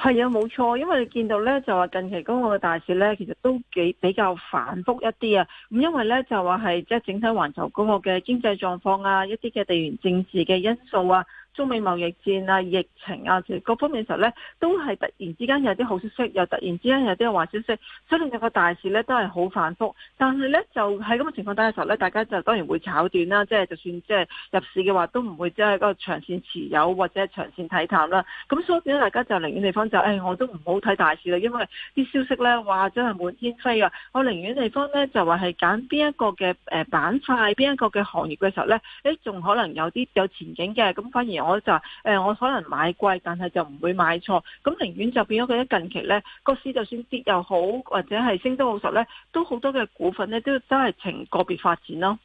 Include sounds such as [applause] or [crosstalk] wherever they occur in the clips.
係啊，冇錯，因為你見到呢，就話近期嗰嘅大市呢，其實都幾比較反覆一啲啊。咁因為呢，就話係即係整體環球嗰個嘅經濟狀況啊，一啲嘅地緣政治嘅因素啊。中美貿易戰啊、疫情啊，各方面嘅時候咧，都係突然之間有啲好消息，又突然之間有啲壞消息，所以令到個大市咧都係好反覆。但係咧，就喺咁嘅情況底下嘅時候咧，大家就當然會炒斷啦。即係就算即係入市嘅話，都唔會即係嗰個長線持有或者長線睇淡啦。咁所以咧，大家就寧願地方就誒、哎，我都唔好睇大市啦，因為啲消息咧，哇，真係滿天飛啊！我寧願地方咧就話係揀邊一個嘅誒板塊，邊一個嘅行業嘅時候咧，誒仲可能有啲有前景嘅，咁反而。我就誒、呃，我可能買貴，但係就唔會買錯。咁寧願就變咗佢喺近期呢個市就算跌又好，或者係升得好實呢，都好多嘅股份呢，都真係呈個別發展咯。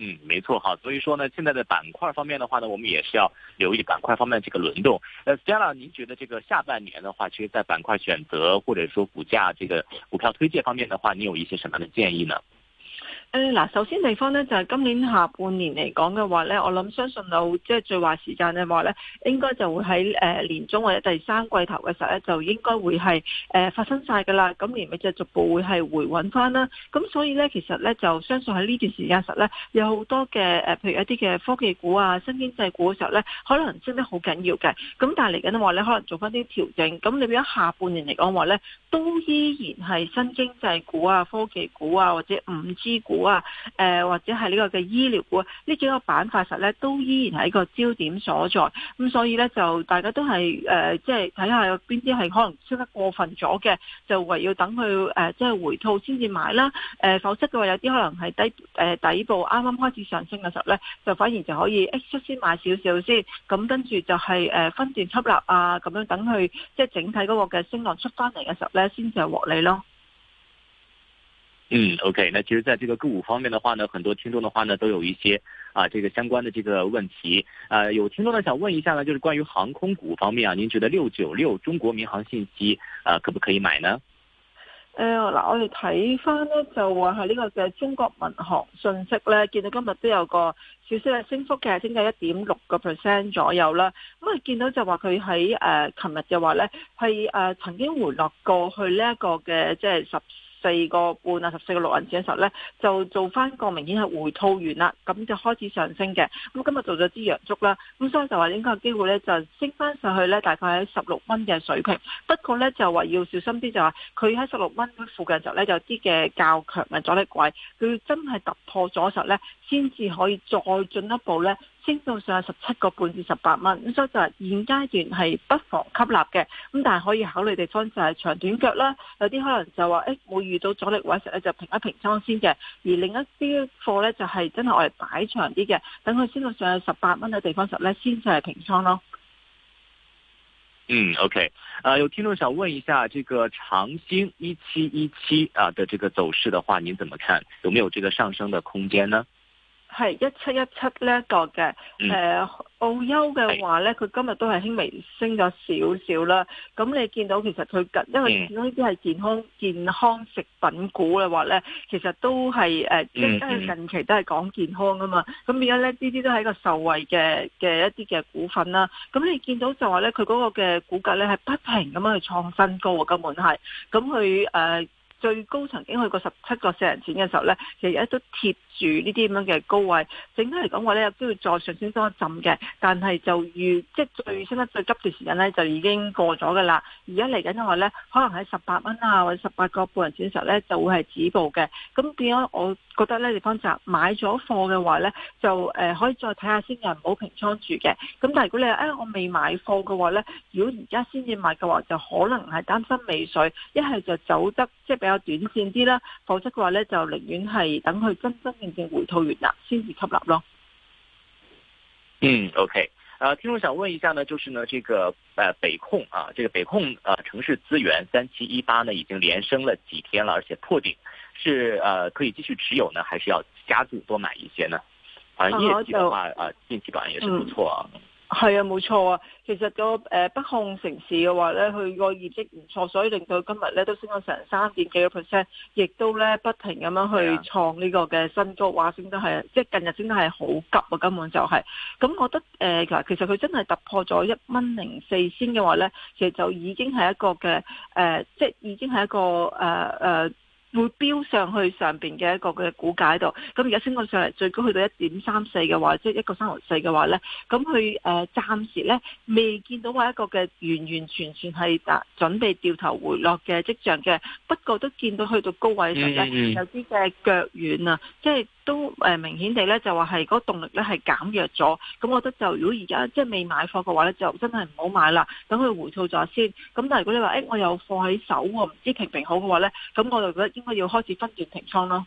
嗯，沒錯哈。好，所以說呢，現在的板塊方面的話呢，我們也是要留意板塊方面嘅這個輪動。誒，Stella，您覺得這個下半年的話，其實在板塊選擇或者說股價、這個股票推介方面的話，你有一些什麼樣的建議呢？誒，嗱，首先地方咧就係、是、今年下半年嚟講嘅話咧，我諗相信到即係最壞時間嘅話咧，應該就會喺誒年中或者第三季頭嘅時候咧，就應該會係誒、呃、發生晒噶啦。咁而咪就逐步會係回穩翻啦。咁所以咧，其實咧就相信喺呢段時間實咧，有好多嘅誒，譬如一啲嘅科技股啊、新經濟股嘅時候咧，可能升得好緊要嘅。咁但係嚟緊嘅話咧，可能做翻啲調整。咁你如果下半年嚟講話咧，都依然係新經濟股啊、科技股啊或者五 G 股。啊，誒或者係呢個嘅醫療股，呢幾個板塊實咧都依然係一個焦點所在，咁所以咧就大家都係誒即係睇下邊啲係可能出得過分咗嘅，就唯有等佢誒即係回吐先至買啦，誒、呃、否則嘅話有啲可能係底誒底部啱啱開始上升嘅時候咧，就反而就可以一、哎、率先買少少先，咁跟住就係誒分段吸納啊，咁樣等佢即係整體嗰個嘅升浪出翻嚟嘅時候咧，先至係獲利咯。嗯，OK，那其實，在這個個股方面的話呢，很多聽眾的話呢，都有一些啊，這個相關的這個問題，啊，有聽眾呢想問一下呢，就是關於航空股方面啊，您覺得六九六中國民航信息啊，可不可以買呢？誒、呃，嗱，我哋睇翻呢就話喺呢個嘅中國民航信息呢，見到今日都有個少少嘅升幅嘅，升到一點六個 percent 左右啦。咁、嗯、啊，見到就話佢喺誒琴日嘅話呢係誒、呃、曾經回落過去呢一個嘅即係十。四個半啊，十四個六銀紙嘅時候咧，就做翻個明顯係回吐完啦，咁就開始上升嘅。咁今日做咗支陽燭啦，咁所以就話應該有機會咧就升翻上去咧，大概喺十六蚊嘅水平。不過咧就話要小心啲，就是，就話佢喺十六蚊附近就咧有啲嘅較強嘅阻力位，佢要真係突破咗實咧，先至可以再進一步咧。升到上去十七個半至十八蚊，咁所以就係現階段係不妨吸納嘅，咁但係可以考慮地方就係長短腳啦。有啲可能就話，誒、欸，冇遇到阻力位，實咧就平一平倉先嘅。而另一啲貨咧就係真係我哋擺長啲嘅，等佢升到上去十八蚊嘅地方，實咧先至平倉咯。嗯，OK，啊、uh,，有聽眾想問一下，這個長興一七一七啊的這個走勢的話，您怎麼看？有沒有這個上升的空間呢？係一七一七呢一個嘅，誒、呃，嗯、澳優嘅話咧，佢是今日都係輕微升咗少少啦。咁是你見到其實佢近，嗯、因為始終呢啲係健康健康食品股嘅話咧，其實都係誒，即、呃、係、嗯嗯、近期都係講健康㗎嘛。咁變咗咧，呢啲都係一個受惠嘅嘅一啲嘅股份啦。咁你見到就話咧，佢嗰個嘅股價咧係不停咁樣去創新高，根本係咁佢誒。最高曾經去過十七個四人錢嘅時候咧，其實都貼住呢啲咁樣嘅高位。整體嚟講話咧，有機會再上升多一浸嘅。但係就預即係最升得最急嘅時間咧，就已經過咗㗎啦。而家嚟緊因為咧，可能喺十八蚊啊或者十八個半人錢嘅時候咧，就會係止步嘅。咁變咗我覺得咧，地方就買咗貨嘅話咧，就誒可以再睇下先，唔好平倉住嘅。咁但係如果你話誒、哎、我未買貨嘅話咧，如果而家先至買嘅話，就可能係擔心尾水，一係就走得即係。就是較短綫啲啦，否則嘅話咧，就寧願係等佢真真正正回吐完啦先至吸納咯。嗯，OK。啊，聽眾想問一下呢，就是呢，這個誒、啊、北控啊，這個北控啊城市資源三七一八呢，已經連升了幾天啦，而且破頂，是、啊、誒可以繼續持有呢，還是要加注多買一些呢？反、啊、正業績的話啊，啊近期表現也是不錯。嗯係啊，冇錯啊。其實個誒、呃、北控城市嘅話呢，佢個業績唔錯，所以令到今日呢都升咗成三點幾個 percent，亦都呢不停咁樣去創呢個嘅新高。話先都係，即係近日升得係好急啊，根本就係、係。咁我覺得誒、呃，其實佢真係突破咗一蚊零四仙嘅話呢，其實就已經係一個嘅誒、呃，即係已經係一個誒誒。呃呃會飆上去上邊嘅一個嘅股價度，咁而家升到上嚟，最高去到一點三四嘅話，即係一個三毫四嘅話咧，咁佢誒暫時咧未見到話一個嘅完完全全係打準備掉頭回落嘅跡象嘅，不過都見到去到高位上咧、嗯嗯嗯、有啲嘅腳軟啊，即係。都誒、呃、明顯地咧，就話係嗰動力咧係減弱咗，咁我覺得就如果而家即係未買貨嘅話咧，就真係唔好買啦，等佢回吐咗先。咁但係如果你話誒、欸，我有貨喺手，我唔知平唔平好嘅話咧，咁我就覺得應該要開始分段停倉咯。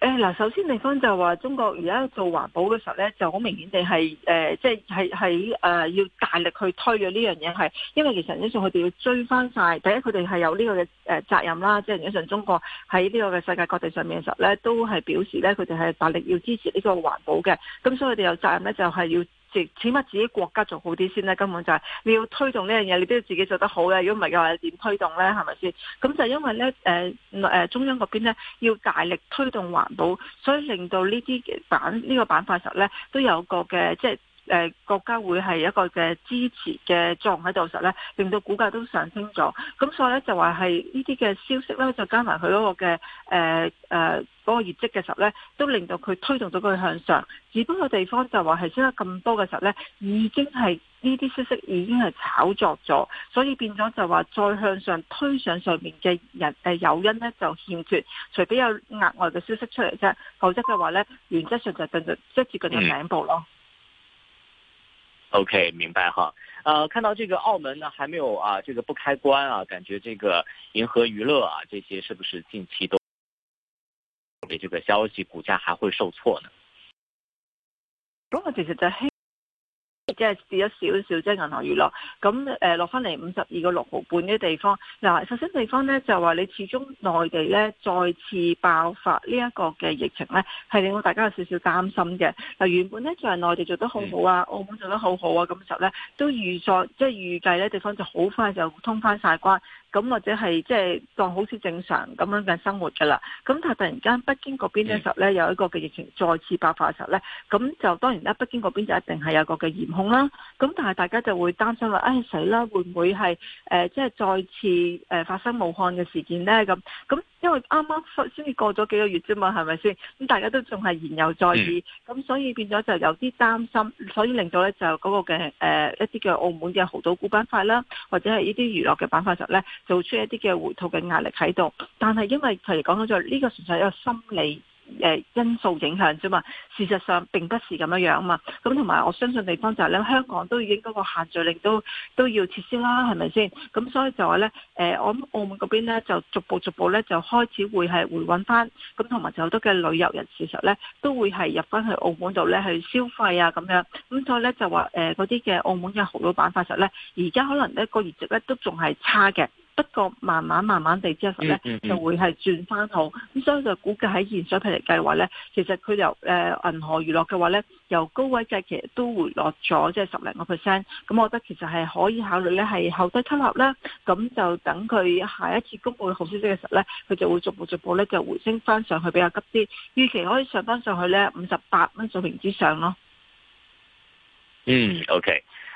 誒，嗱，首先地方就話，中國而家做環保嘅時候咧，就好明顯地係，誒、呃，即係喺誒要大力去推嘅呢樣嘢，係因為其實本質上佢哋要追翻晒，第一佢哋係有呢、這個嘅誒、呃、責任啦，即係本質上中國喺呢個嘅世界各地上面嘅時候咧，都係表示咧佢哋係大力要支持呢個環保嘅，咁所以佢哋有責任咧就係、是、要。即起碼自己國家做好啲先啦。根本就係你要推動呢樣嘢，你都要自己做得好嘅。如果唔係嘅話，點推動咧？係咪先？咁就因為咧，誒、呃、誒中央嗰邊咧要大力推動環保，所以令到呢啲板呢、呢個板塊實咧都有個嘅即係。誒，國家會係一個嘅支持嘅作用喺度，時候咧令到股價都上升咗。咁所以咧就話係呢啲嘅消息咧，就加埋佢嗰個嘅誒誒嗰個業績嘅時候咧，都令到佢推動到佢向上。只不過地方就話係升得咁多嘅時候咧，已經係呢啲消息已經係炒作咗，所以變咗就話再向上推上上面嘅人誒誘因咧就欠缺，除非有額外嘅消息出嚟啫，否則嘅話咧原則上就繼續即係接佢哋頂部咯。OK 明白哈，呃，看到這個澳門呢，還沒有啊，這個不開關啊，感覺這個銀河娛樂啊，這些是不是近期都，給這個消息股價還會受挫呢？如果這是在黑。即係跌咗少少，即係銀河娛樂。咁誒落翻嚟五十二個六毫半嘅地方。嗱、就是，首先地方咧就話你始終內地咧再次爆發呢一個嘅疫情咧，係令到大家有少少擔心嘅。嗱，原本咧就係內地做得好好啊，澳門做得好好啊，咁時候咧都預作即係、就是、預計咧地方就好快就通翻晒關。咁或者係即係當好似正常咁樣嘅生活㗎啦。咁但係突然間北京嗰邊嘅時候咧，有一個嘅疫情再次爆發嘅時候咧，咁就當然咧北京嗰邊就一定係有個嘅嚴控啦。咁但係大家就會擔心話，唉、哎、死啦，會唔會係誒、呃、即係再次誒發生武漢嘅事件咧？咁咁因為啱啱先至過咗幾個月啫嘛，係咪先？咁大家都仲係言猶在耳，咁、嗯、所以變咗就有啲擔心，所以令到咧就嗰個嘅誒、呃、一啲嘅澳門嘅濠賭股板塊啦，或者係呢啲娛樂嘅板塊實咧。做出一啲嘅回吐嘅壓力喺度，但係因為其實講到咗呢個純粹係一個心理誒因素影響啫嘛，事實上並不是咁樣樣啊嘛。咁同埋我相信地方就係咧，香港都已經嗰個限聚令都都要撤銷啦，係咪先？咁所以就話咧，誒我諗澳門嗰邊咧就逐步逐步咧就開始會係回穩翻，咁同埋就好多嘅旅遊人士實咧都會係入翻去澳門度咧去消費啊咁樣，咁所以咧就話誒嗰啲嘅澳門嘅豪老闆，其實咧而家可能呢個業績咧都仲係差嘅。一個、嗯嗯嗯、慢慢慢慢地之後咧，就會係轉翻好。咁所以就估計喺現水平嚟計嘅話咧，其實佢由誒銀河娛樂嘅話咧，由高位計其實都回落咗，即、就、係、是、十零個 percent。咁我覺得其實係可以考慮咧，係後低吸納啦。咁就等佢下一次公布好消息嘅時候咧，佢就會逐步逐步咧就回升翻上去，比較急啲。預期可以上翻上去咧，五十八蚊水平之上咯。嗯，OK。嗯嗯嗯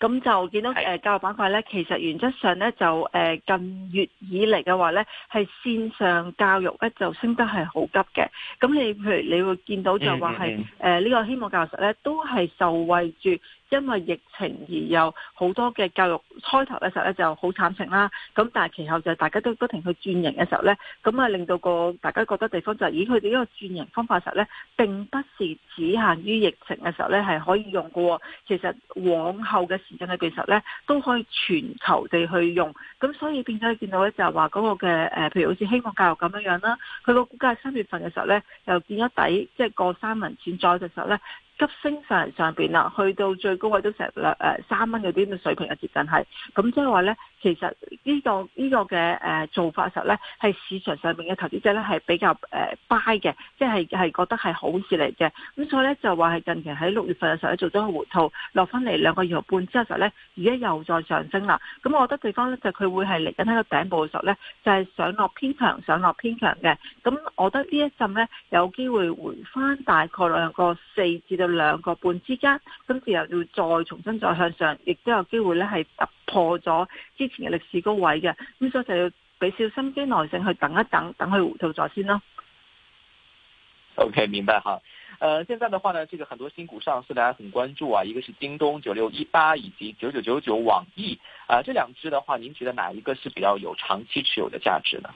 咁就見到誒、呃、教育板塊咧，其實原則上咧就誒、呃、近月以嚟嘅話咧，係線上教育咧就升得係好急嘅。咁你譬如你會見到就話係誒呢個希望教育咧，都係受惠住。因為疫情而有好多嘅教育開頭嘅時候咧就好慘情啦，咁但係其後就大家都不停去轉型嘅時候咧，咁啊令到個大家覺得地方就係，以佢哋呢個轉型方法實咧，並不是只限於疫情嘅時候咧係可以用嘅，其實往後嘅時間嘅技術咧都可以全球地去用，咁所以變咗你見到咧就係話嗰個嘅誒，譬如好似希望教育咁樣樣啦，佢個股價喺三月份嘅時候咧又變咗底，即係過三文錢再嘅時候咧，急升上上邊啦，去到最高位都成兩誒三蚊啲嘅水平嘅接近係，咁即係話咧，其實呢個呢個嘅誒做法時候咧，係市場上邊嘅投資者咧係比較誒 buy 嘅，即係係覺得係好事嚟嘅。咁所以咧就話係近期喺六月份嘅時候做咗個回套，落翻嚟兩個月半之後時候咧，而家又再上升啦。咁我覺得地方咧就佢會係嚟緊喺個頂部嘅時候咧，就係上落偏強，上落偏強嘅。咁我覺得呢一陣咧有機會回翻大概兩個四至。兩個半之間，今次又要再重新再向上，亦都有機會咧係突破咗之前嘅歷史高位嘅，咁所以就要俾少心機耐性去等一等，等佢回調咗先咯。OK，明白哈。呃，現在的話呢，這個很多新股上市，大家很關注啊，一個是京東九六一八，以及九九九九網易啊，呃，這兩隻的話，您覺得哪一個是比較有長期持有的價值呢？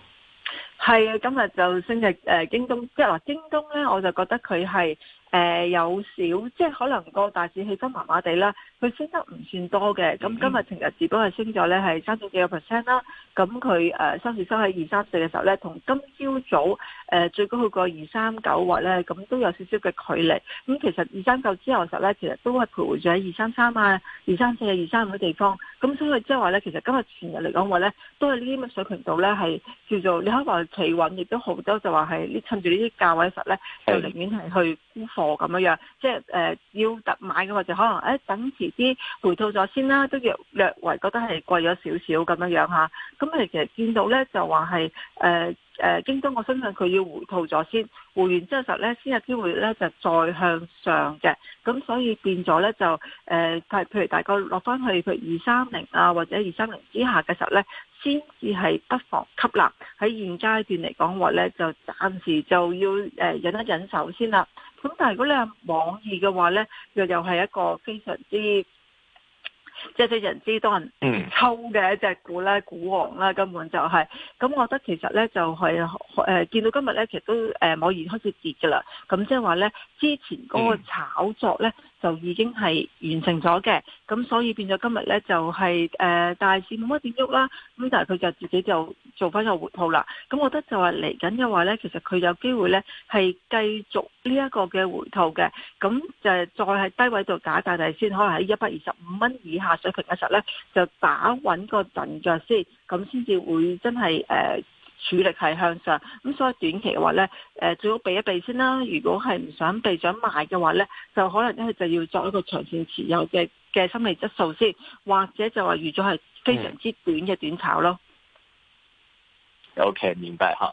係啊，今日就升嘅誒、呃，京東即係嗱、呃，京東咧我就覺得佢係誒有少，即係可能個大市氣氛麻麻地啦，佢升得唔算多嘅。咁、mm hmm. 今日成日只不過係升咗咧係三點幾個 percent 啦。咁佢誒收市收喺二三四嘅時候咧，同今朝早誒、呃、最高去過二三九話咧，咁都有少少嘅距離。咁、嗯、其實二三九之後嘅時候咧，其實都係徘徊咗喺二三三啊、二三四啊、二三五嘅地方。咁所以即係話咧，其實今日前日嚟講話咧，都係呢啲乜水平度咧，係叫做你可以話企穩，亦都好多就話係呢趁住呢啲價位實咧，就寧願係去沽貨咁樣樣，的即係誒、呃、要特買嘅話就可能誒、呃、等遲啲回吐咗先啦，都要略為覺得係貴咗少少咁樣樣嚇。咁、啊、誒其實見到咧就話係誒。呃誒、呃，京東我相信佢要回吐咗先，回完之後咧，先有機會咧就再向上嘅。咁所以變咗咧就誒，係、呃、譬如大概落翻去譬如二三零啊，或者二三零之下嘅時候咧，先至係不妨吸納。喺現階段嚟講話咧，就暫時就要誒、呃、忍一忍手先啦。咁但係如果你係網易嘅話咧，又又係一個非常之。即係非常之多人抽嘅一隻股咧，股王啦，根本就係。咁我覺得其實咧就係誒，見到今日咧，其實都誒冇而開始跌嘅啦，咁即係話咧之前嗰個炒作咧。就已經係完成咗嘅，咁所以變咗今日呢，就係、是、誒、呃、大市冇乜點喐啦，咁但係佢就自己就做翻個回吐啦，咁我覺得就係嚟緊嘅話呢，其實佢有機會呢係繼續呢一個嘅回吐嘅，咁就係再喺低位度打大，但係先可能喺一百二十五蚊以下水平嘅時候呢，就打穩個陣腳先，咁先至會真係誒。呃主力係向上，咁所以短期嘅話咧，誒、呃、最好避一避先啦。如果係唔想避想賣嘅話咧，就可能咧就要作一個長線持有嘅嘅心理質素先，或者就話預咗係非常之短嘅短炒咯。嗯、OK，明白吓。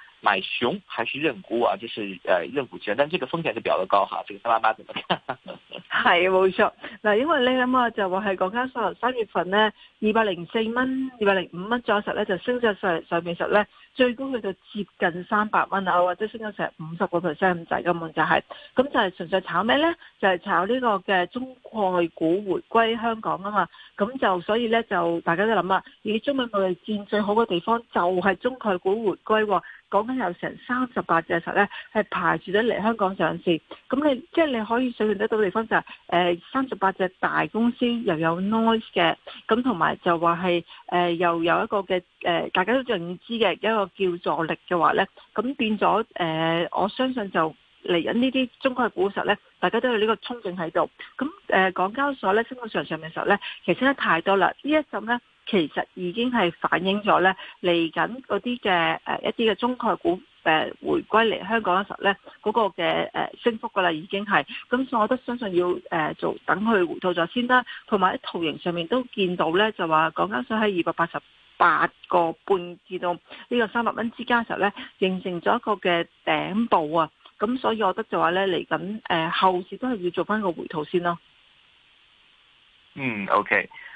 買熊還是認沽啊？就是誒認、呃、股權，但係呢個風險是比較高哈、啊。這個三八八點樣？係 [laughs] 冇錯嗱，因為呢，咁啊，就話係講緊三月份呢，二百零四蚊、二百零五蚊左右呢就升咗上上面。實呢，最高去到接近三百蚊啊，或者升咗成五十個 percent 咁滯咁嘛，就係、是、咁就係純粹炒咩呢？就係、是、炒呢個嘅中概股回歸香港啊嘛。咁就所以呢，就大家都諗啊，以中美貿易戰最好嘅地方就係中概股回歸、哦。講緊有成三十八隻實咧，係排住咗嚟香港上市。咁你即係你可以想象得到地方就係誒三十八隻大公司又有 noise 嘅，咁同埋就話係誒又有一個嘅誒、呃、大家都盡知嘅一個叫助力嘅話咧，咁變咗誒、呃、我相信就嚟緊呢啲中國嘅股市咧，大家都有呢個衝勁喺度。咁誒、呃、港交所咧升到上上面嘅時候咧，其實咧太多啦，呢一陣咧。其實已經係反映咗呢，嚟緊嗰啲嘅誒一啲嘅中概股誒、呃、回歸嚟香港嘅時候呢，嗰、那個嘅誒、呃、升幅噶啦，已經係，咁所以我都相信要誒、呃、做等佢回吐咗先啦。同埋喺圖形上面都見到呢，就話講緊想喺二百八十八個半至到呢個三百蚊之間嘅時候呢，形成咗一個嘅頂部啊，咁所以我覺得就話呢嚟緊誒後市都係要做翻個回吐先咯、啊。嗯，OK。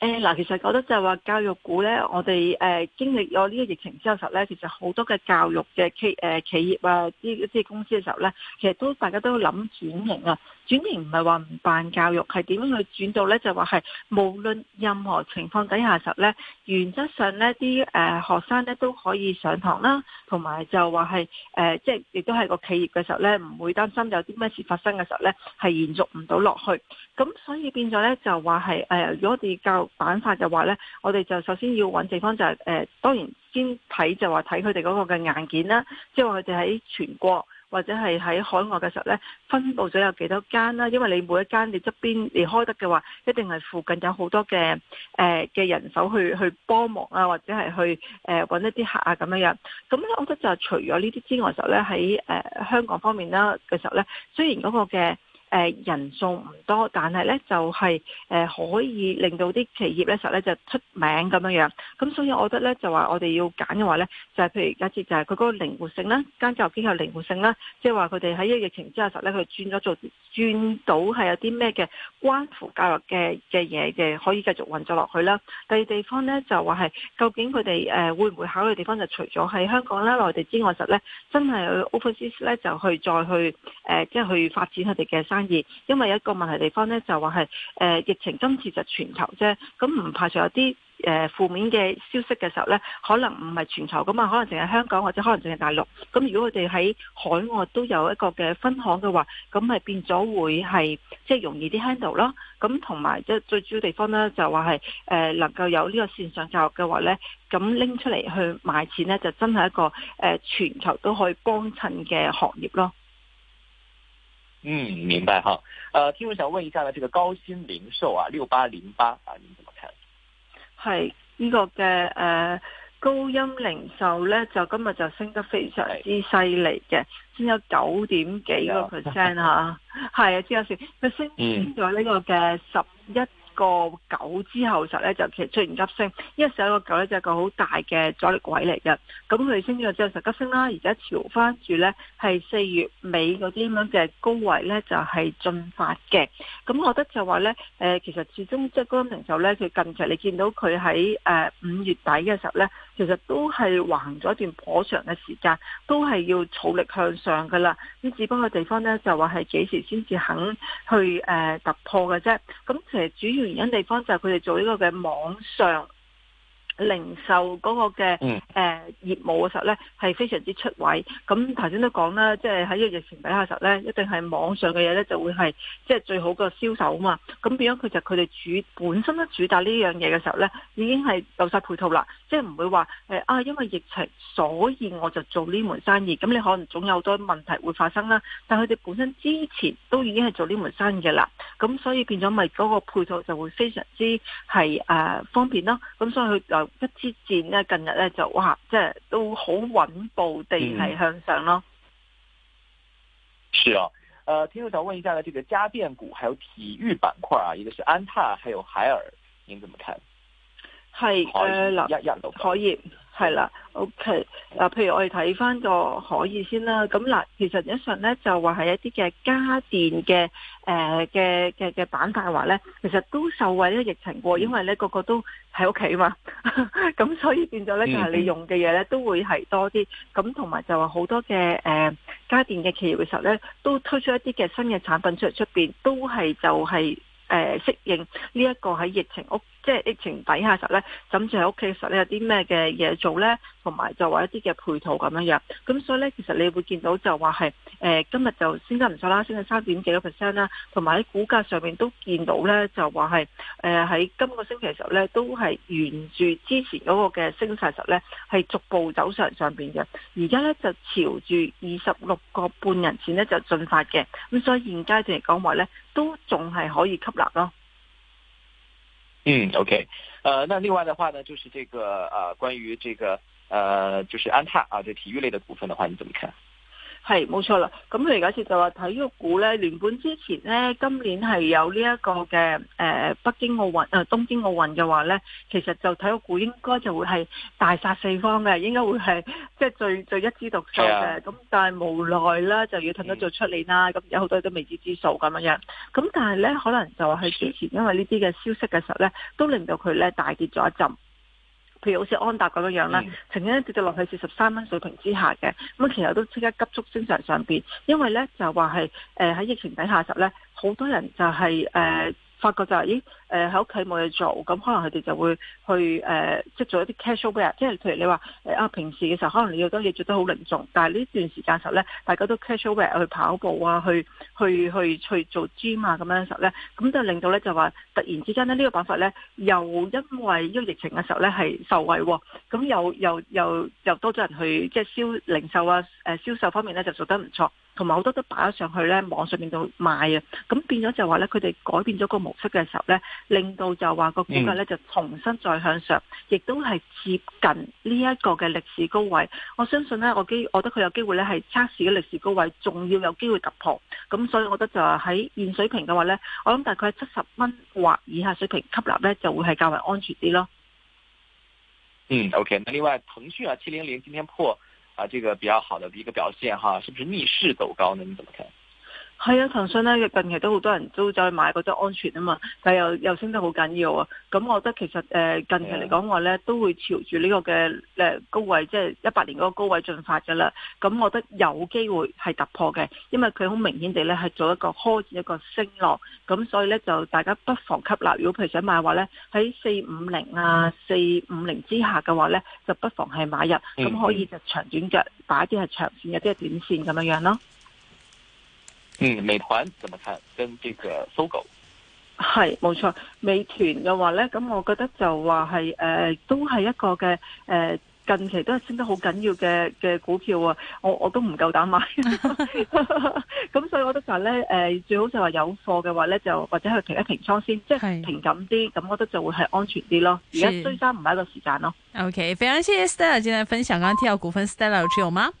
誒嗱，其實覺得就係話教育股咧，我哋誒、呃、經歷咗呢個疫情之後時候咧，其實好多嘅教育嘅企誒企業啊，啲即係公司嘅時候咧，其實都大家都諗轉型啊，轉型唔係話唔辦教育，係點樣去轉到咧？就話、是、係無論任何情況底下時候咧，原則上咧啲誒學生咧都可以上堂啦，同埋就話係誒即係亦都係個企業嘅時候咧，唔會擔心有啲咩事發生嘅時候咧係延續唔到落去，咁所以變咗咧就話係誒如果我哋教育板塊就話呢，我哋就首先要揾地方，就係、是、誒當然先睇就話睇佢哋嗰個嘅硬件啦，即係話佢哋喺全國或者係喺海外嘅時候呢，分佈咗有幾多間啦？因為你每一間你側邊你開得嘅話，一定係附近有好多嘅誒嘅人手去去幫忙啦，或者係去誒揾、呃、一啲客啊咁樣樣。咁呢，我覺得就除咗呢啲之外嘅時候呢喺誒香港方面啦嘅時候呢，雖然嗰個嘅，誒，人數唔多，但係咧就係，誒可以令到啲企業咧實咧就出名咁樣樣。咁所以我覺得咧就話我哋要揀嘅話咧，就係、就是、譬如假設就係佢嗰個靈活性啦，間教育機構靈活性啦，即係話佢哋喺一個疫情之下實咧佢轉咗做轉到係有啲咩嘅關乎教育嘅嘅嘢嘅可以繼續運作落去啦。第二地方咧就話係究竟佢哋誒會唔會考慮地方就除咗喺香港啦、內地之外實咧，真係 office 咧就去再去誒、呃，即係去發展佢哋嘅生。因為有一個問題地方咧，就話係誒疫情今次就全球啫，咁唔排除有啲誒負面嘅消息嘅時候咧，可能唔係全球噶嘛，可能淨係香港或者可能淨係大陸。咁如果佢哋喺海外都有一個嘅分行嘅話，咁咪變咗會係即係容易啲 handle 咯。咁同埋即係最主要地方咧，就話係誒能夠有呢個線上教育嘅話咧，咁拎出嚟去賣錢咧，就真係一個誒、呃、全球都可以幫襯嘅行業咯。嗯，明白哈。呃，聽眾想問一下呢，這個高鑫零售啊，六八零八啊，你怎麼看？係呢、這個嘅，誒、呃，高鑫零售呢，就今日就升得非常之犀利嘅，升咗九點幾個 percent 啊。係啊， [laughs] [laughs] 即有一時佢升穿咗呢個嘅十一。個九之後實咧就其實出現急升，因為上個九咧就係個好大嘅阻力位嚟嘅，咁佢升咗之後就急升啦，而家調翻住咧係四月尾嗰啲咁樣嘅高位咧就係進發嘅，咁我覺得就話咧誒，其實始終即係高鑫零售咧，佢近期你見到佢喺誒五月底嘅時候咧。其實都係橫咗一段頗長嘅時間，都係要儲力向上㗎喇。咁只不過地方呢就話係幾時先至肯去誒、呃、突破嘅啫。咁其實主要原因地方就係佢哋做呢個嘅網上零售嗰個嘅誒、呃、業務嘅時候咧，係非常之出位。咁頭先都講啦，即係喺個疫情底下嘅時候咧，一定係網上嘅嘢咧就會係即係最好個銷售啊嘛。咁變咗佢就佢哋主本身咧主，主打呢樣嘢嘅時候咧，已經係有晒配套啦，即係唔會話誒啊，因為疫情所以我就做呢門生意。咁你可能總有好多問題會發生啦。但係佢哋本身之前都已經係做呢門生意嘅啦，咁所以變咗咪嗰個配套就會非常之係誒、呃、方便咯。咁所以佢又。一支箭咧，近日咧就哇，即係都好穩步地係向上咯。嗯、是啊，誒、呃，聽友想問一下咧，這個家電股還有體育板塊啊，一個是安踏，還有海爾，您怎麼看？係，好、呃鹽呃，亞亞總，可以。係啦，OK，啊，譬如我哋睇翻個可以先啦。咁嗱，其實一上咧就話係一啲嘅家電嘅誒嘅嘅嘅板塊話咧，其實都受惠呢個疫情喎，因為咧個個都喺屋企啊嘛，咁 [laughs] 所以變咗咧就係你用嘅嘢咧都會係多啲。咁同埋就話好多嘅誒、呃、家電嘅企業嘅時候咧，都推出一啲嘅新嘅產品出嚟，出邊，都係就係、是、誒、呃、適應呢一個喺疫情屋。即係疫情底下時候咧，諗住喺屋企嘅時候咧有啲咩嘅嘢做咧，同埋就話一啲嘅配套咁樣樣。咁所以咧，其實你會見到就話係誒今日就升得唔錯啦，升咗三點幾個 percent 啦，同埋喺股價上面都見到咧就話係誒喺今個星期時候咧都係沿住之前嗰個嘅升勢時候咧係逐步走上上邊嘅。而家咧就朝住二十六個半人前咧就進發嘅。咁所以現階段嚟講話咧都仲係可以吸納咯。嗯，OK，呃，那另外的話呢，就是這個呃，關於這個呃，就是安踏啊，這體育類的股份的話，你怎麼看？係冇錯啦，咁佢哋解説就話體育股呢，原本之前呢，今年係有呢一個嘅誒、呃、北京奧運誒東京奧運嘅話呢，其實就體育股應該就會係大殺四方嘅，應該會係即係最最一枝獨秀嘅。咁的但係無奈啦，就要等到做出嚟啦。咁的有好多都未知之數咁樣樣。咁但係呢，可能就係之前因為呢啲嘅消息嘅時候呢，都令到佢呢大跌咗一陣。譬如好似安踏咁樣樣啦，的曾經一跌跌落去四十三蚊水平之下嘅，咁其實都即刻急速升上上邊，因為咧就話係誒喺疫情底下時候咧，好多人就係、是、誒。呃發覺就係、是、咦，誒喺屋企冇嘢做，咁可能佢哋就會去誒、呃，即係做一啲 casual。即係譬如你話誒啊，平時嘅時候可能你要啲嘢做得好隆重，但係呢段時間時候咧，大家都 casual 去跑步啊，去去去去做 gym 啊咁樣嘅時候咧，咁就令到咧就話突然之間咧呢、這個講法咧，又因為呢個疫情嘅時候咧係受惠喎，咁又又又又多咗人去即係銷零售啊誒銷、呃、售方面咧就做得唔錯。同埋好多都擺咗上去咧網上面度賣啊，咁變咗就話咧佢哋改變咗個模式嘅時候咧，令到就話個股價咧就重新再向上，亦、嗯、都係接近呢一個嘅歷史高位。我相信咧，我機我覺得佢有機會咧係測試嘅歷史高位，仲要有機會突破。咁所以，我覺得就喺現水平嘅話咧，我諗大概七十蚊或以下水平吸納咧，就會係較為安全啲咯。嗯，OK。那另外，騰訊啊，七零零今天破。啊，這個比較好的一個表現哈，是不是逆勢走高呢？你怎麼看？係啊，騰訊咧近期都好多人都走去買，覺得安全啊嘛，但又又升得好緊要啊。咁我覺得其實誒、呃、近期嚟講話咧，都會朝住呢個嘅誒高位，即係一八年嗰個高位進發噶啦。咁我覺得有機會係突破嘅，因為佢好明顯地咧係做一個開展一個升浪。咁所以咧就大家不妨吸納，如果譬如想買話咧，喺四五零啊四五零之下嘅話咧，嗯、就不妨係買入，咁、嗯、可以就長短腳擺啲係長線，有啲係短線咁樣樣咯。嗯，美團怎麼看？跟這個搜狗係冇錯。美團嘅話咧，咁我覺得就話係誒，都係一個嘅誒，近期都係升得好緊要嘅嘅股票啊，我我都唔夠膽買，咁所以我覺得就係咧，誒、呃、最好就話有貨嘅話咧，就或者去平一平倉先，即係平感啲，咁我覺得就會係安全啲咯。而家追加唔係一個時間咯。Okay，非常之 Stella，今日分享，剛剛提到股份 Stella 有持有嗎？